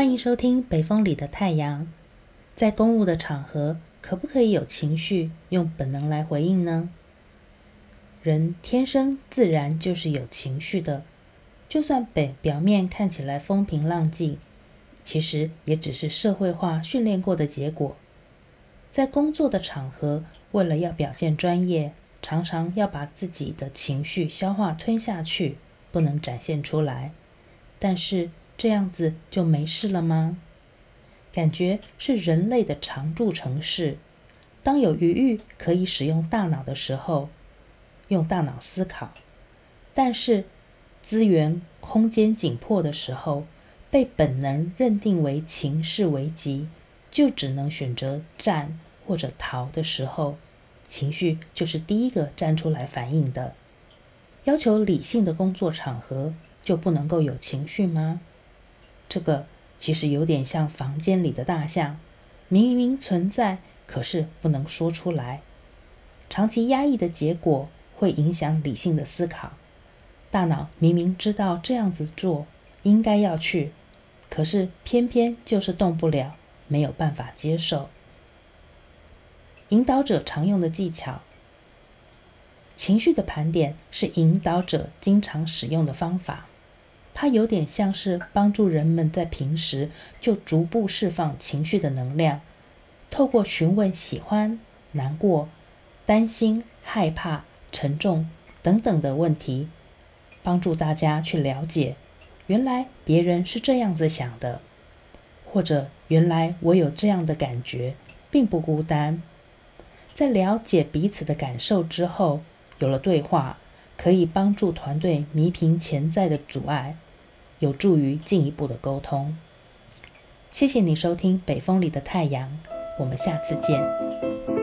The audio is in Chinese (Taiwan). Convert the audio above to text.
歡迎收聽《北風裡的太陽》。在公務的場合，可不可以有情緒？用本能來回應呢？人天生自然就是有情緒的，就算表表面看起來風平浪靜，其實也只是社會化訓練過的結果。在工作的場合，為了要表現專業，常常要把自己的情緒消化吞下去，不能展現出來。但是，這樣子就沒事了嗎？感覺是人類的常駐程式。當有餘裕可以使用大腦的時候，用大腦思考；但是資源空間緊迫的時候，被本能認定為情勢危急，就只能選擇戰或者逃的時候，情緒就是第一個站出來反應的。要求理性的工作場合，就不能夠有情緒嗎？這個其實有點像房間裡的大象，明明存在，可是不能說出來。長期壓抑的結果會影響理性的思考。大腦明明知道這樣子做應該要去，可是偏偏就是動不了，沒有辦法接受。引導者常用的技巧，情緒的盤點是引導者經常使用的方法。它有點像是幫助人們在平時就逐步釋放情緒的能量，透過詢問喜歡、難過、擔心、害怕、沉重等等的問題，幫助大家去了解，原來別人是這樣子想的，或者原來我有這樣的感覺，並不孤單。在了解彼此的感受之後，有了對話。可以幫助團隊彌平潛在的阻礙，有助於進一步的溝通。謝謝你收聽《北風裡的太陽》，我們下次見。